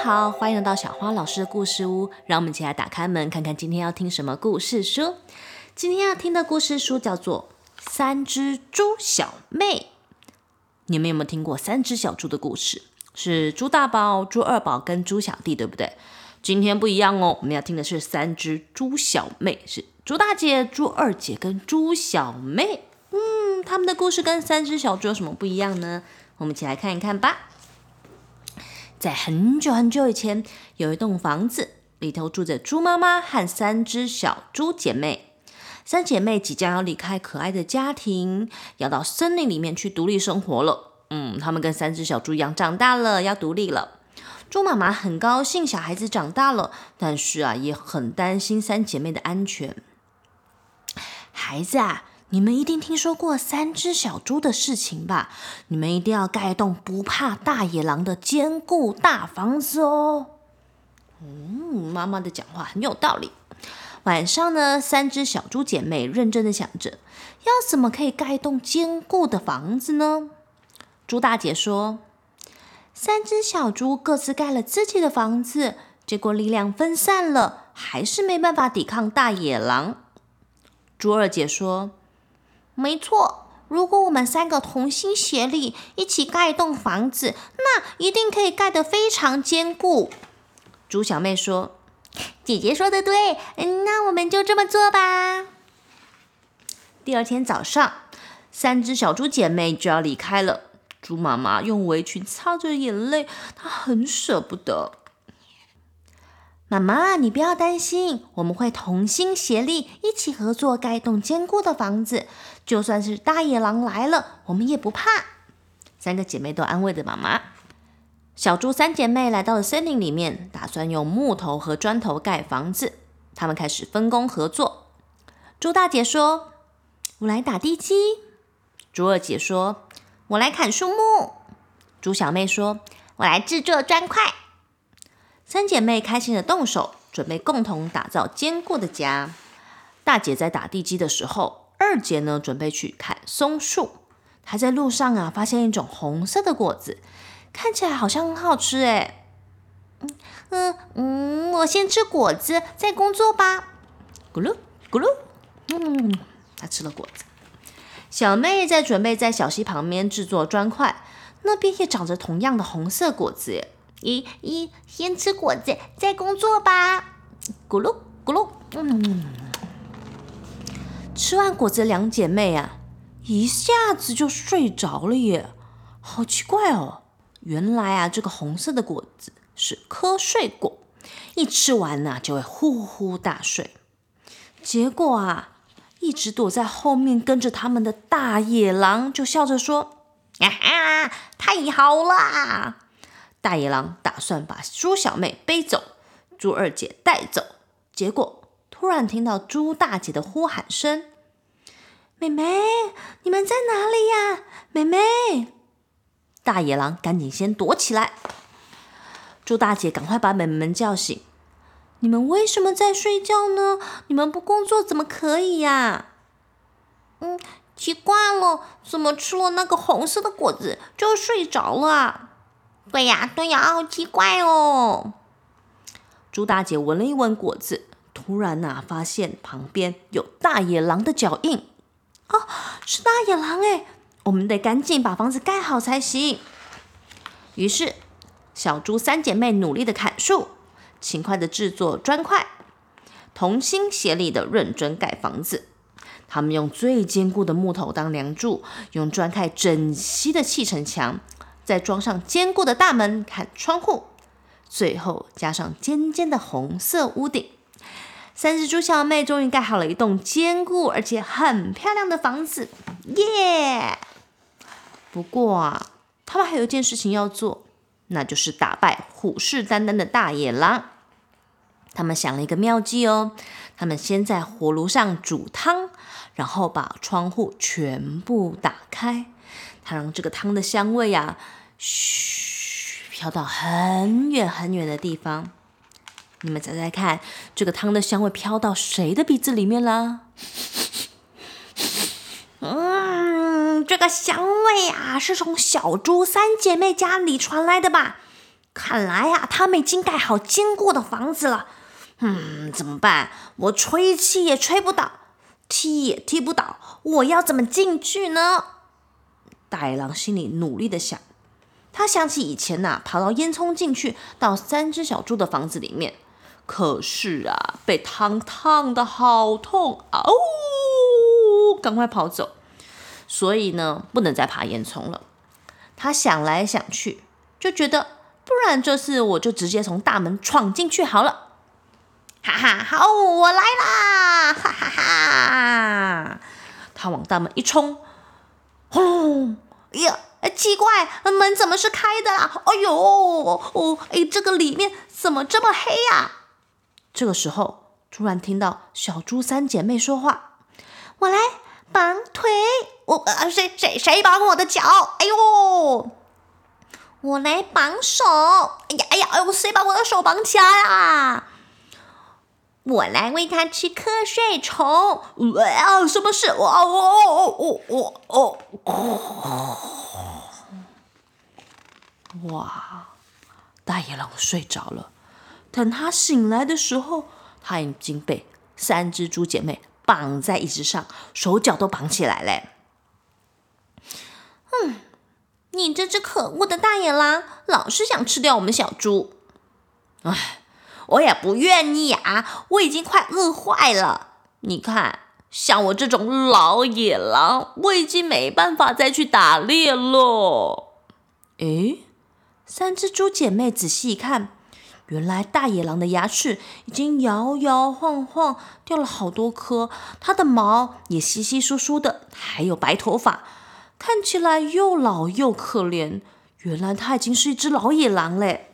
大家好，歡迎來到小花老師的故事屋。讓我們一起來打開門，看看今天要聽什麼故事書。今天要聽的故事書叫做《三隻豬小妹》。你們有沒有聽過三隻小豬的故事？是豬大寶、豬二寶跟豬小弟，對不對？今天不一樣哦，我們要聽的是《三隻豬小妹》，是豬大姐、豬二姐跟豬小妹。嗯，他們的故事跟三隻小豬有什麼不一樣呢？我們一起來看一看吧。在很久很久以前，有一棟房子，裡頭住着豬媽媽和三隻小豬姐妹。三姐妹即將要離開可愛的家庭，要到森林裡面去獨立生活了。嗯，他們跟三隻小豬一樣長大了，要獨立了。豬媽媽很高興小孩子長大了，但是啊，也很擔心三姐妹的安全。孩子啊！你們一定聽說過三只小豬的事情吧？你們一定要蓋一棟不怕大野狼的堅固大房子哦。嗯，媽媽的講話很有道理。晚上呢，三只小豬姐妹認真的想着，要怎麼可以蓋一棟堅固的房子呢？豬大姐說：“三只小豬各自蓋了自己的房子，結果力量分散了，還是沒辦法抵抗大野狼。”豬二姐說。沒錯，如果我們三個同心協力，一起蓋一棟房子，那一定可以蓋得非常堅固。豬小妹說：“姐姐說的對，嗯，那我們就這麼做吧。”第二天早上，三隻小豬姐妹就要離開了。豬媽媽用圍裙擦着眼淚，她很捨不得。媽媽，你不要擔心，我們會同心協力，一起合作蓋棟堅固的房子。就算是大野狼來了，我們也不怕。三個姐妹都安慰着媽媽。小豬三姐妹來到了森林裡面，打算用木頭和磚頭蓋房子。她們開始分工合作。豬大姐說：“我來打地基。”豬二姐說：“我來砍樹木。”豬小妹說：“我來製作磚塊。”三姐妹開心地動手，準備共同打造堅固的家。大姐在打地基的時候，二姐呢準備去砍松樹。她在路上啊，發現一種紅色的果子，看起來好像很好吃誒。嗯嗯嗯，我先吃果子再工作吧。咕嚕咕嚕，嗯，她吃了果子。小妹在準備在小溪旁邊制作磚塊，那邊也長着同樣的紅色果子。一一，先吃果子再工作吧，咕嚕咕嚕。嗯，吃完果子，兩姐妹啊一下子就睡着了耶，好奇怪哦。原來啊，這個紅色的果子是瞌睡果，一吃完呢、啊、就會呼呼大睡。結果啊，一直躲在後面跟着他們的大野狼就笑着說：“啊哈，太好了！”大野狼打算把豬小妹背走，豬二姐帶走。結果突然聽到豬大姐的呼喊聲：“妹妹，你們在哪裡呀？妹妹！”大野狼趕緊先躲起來。豬大姐趕快把妹妹們叫醒：“你們為什麼在睡覺呢？你們不工作怎麼可以呀？嗯，奇怪了，怎麼吃了那個紅色的果子就睡着了啊？”對呀，對呀，好奇怪哦！豬大姐聞了一聞果子，突然吶，發現旁邊有大野狼的腳印。哦，是大野狼哎！我們得趕緊把房子蓋好才行。於是，小豬三姐妹努力的砍樹，勤快的制作磚塊，同心協力的認真蓋房子。他們用最堅固的木頭當梁柱，用磚塊整齊的砌成牆，再裝上堅固的大門，看窗戶，最後加上尖尖的紅色屋頂。三只豬小妹終於蓋好了一棟堅固而且很漂亮的房子，耶、yeah!！不過啊，他們還有一件事情要做，那就是打敗虎視眈眈的大野狼。他們想了一個妙計哦，他們先在火爐上煮湯，然後把窗戶全部打開，它讓這個湯的香味呀、啊。噓，飄到很遠很遠的地方。你們猜猜看，這個湯的香味飄到誰的鼻子裡面了？嗯，這個香味啊，是從小豬三姐妹家裡傳來的吧？看來呀、啊，他們已經蓋好堅固的房子了。嗯，怎麼辦？我吹氣也吹不倒，踢也踢不倒，我要怎麼進去呢？大野狼心裡努力地想。他想起以前吶、啊，爬到煙囪進去，到三隻小豬的房子裡面。可是啊，被湯燙得好痛啊、哦！嗚，趕快跑走。所以呢，不能再爬煙囪了。他想來想去，就覺得不然這次我就直接從大門闖進去好了。哈哈，好，我來啦！哈哈哈。他往大門一衝，轟、哦！哎呀！哎，奇怪，門怎麼是開的啊？哎呦，哦，哎，這個裡面怎麼這麼黑呀、啊？這個時候，突然聽到小豬三姐妹說話：“我來綁腿，我、哦、呃，誰誰誰綁我的腳？哎呦，我來綁手，哎呀哎呀哎呦，誰把我的手綁起來了、啊？我來餵它吃瞌睡蟲。哇、呃，什麼事？哦哦哦哦哦哦哦！”哦哦哦哇，大野狼睡着了。等他醒來的時候，他已經被三隻豬姐妹綁在椅子上，手腳都綁起來了。嗯，你這隻可惡的大野狼，老是想吃掉我們小豬。哎，我也不願意啊，我已經快餓壞了。你看，像我這種老野狼，我已經沒辦法再去打獵了。誒。三隻豬姐妹仔細一看，原來大野狼的牙齒已經搖搖晃晃，掉了好多顆，它的毛也稀稀疏疏的，還有白頭髮，看起來又老又可憐。原來它已經是一隻老野狼嘞。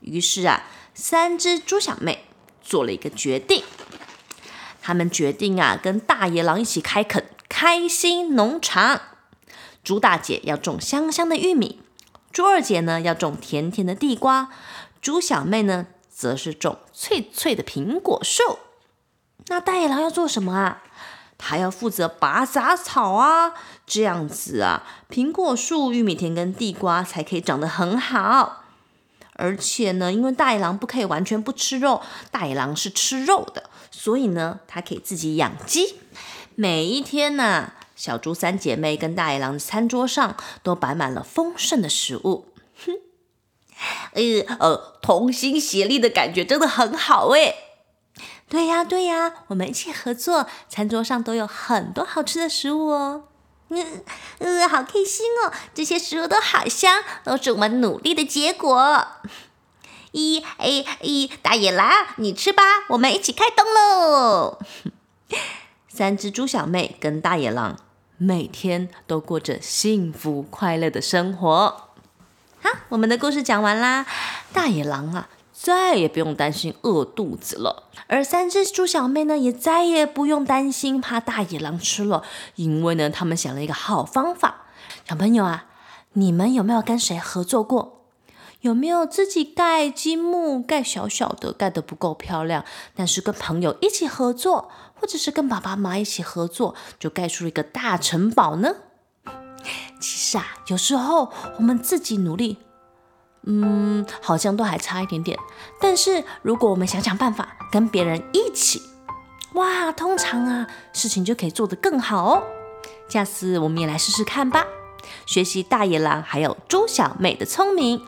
於是啊，三隻豬小妹做了一個決定，她們決定啊跟大野狼一起開墾開心農場。豬大姐要種香香的玉米。豬二姐呢要種甜甜的地瓜，豬小妹呢則是種脆脆的蘋果樹。那大野狼要做什麼啊？他要負責拔雜草啊，這樣子啊，蘋果樹、玉米田跟地瓜才可以長得很好。而且呢，因為大野狼不可以完全不吃肉，大野狼是吃肉的，所以呢，它可以自己養雞。每一天呢、啊。小豬三姐妹跟大野狼的餐桌上都擺滿了豐盛的食物，哼、 呃，呃呃，同心協力的感覺真的很好哎。對呀、啊、對呀、啊，我們一起合作，餐桌上都有很多好吃的食物哦。嗯 嗯、呃呃，好開心哦，這些食物都好香，都是我們努力的結果。一、 欸，哎、欸、一、欸，大野狼你吃吧，我們一起開動嘍。 三隻豬小妹跟大野狼。每天都過着幸福快樂的生活。好，我們的故事講完啦。大野狼啊，再也不用擔心餓肚子了。而三只豬小妹呢，也再也不用擔心怕大野狼吃了，因為呢，他們想了一個好方法。小朋友啊，你們有沒有跟誰合作過？有沒有自己蓋積木，蓋小小的，蓋得不夠漂亮，但是跟朋友一起合作，或者是跟爸爸媽一起合作，就蓋出了一個大城堡呢？其實啊，有時候我們自己努力，嗯，好像都還差一點點。但是如果我們想想辦法，跟別人一起，哇，通常啊，事情就可以做得更好哦。下次我們也來試試看吧，學習大野狼還有豬小妹的聰明。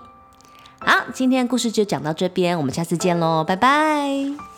好，今天的故事就講到這邊，我們下次見嘍，拜拜。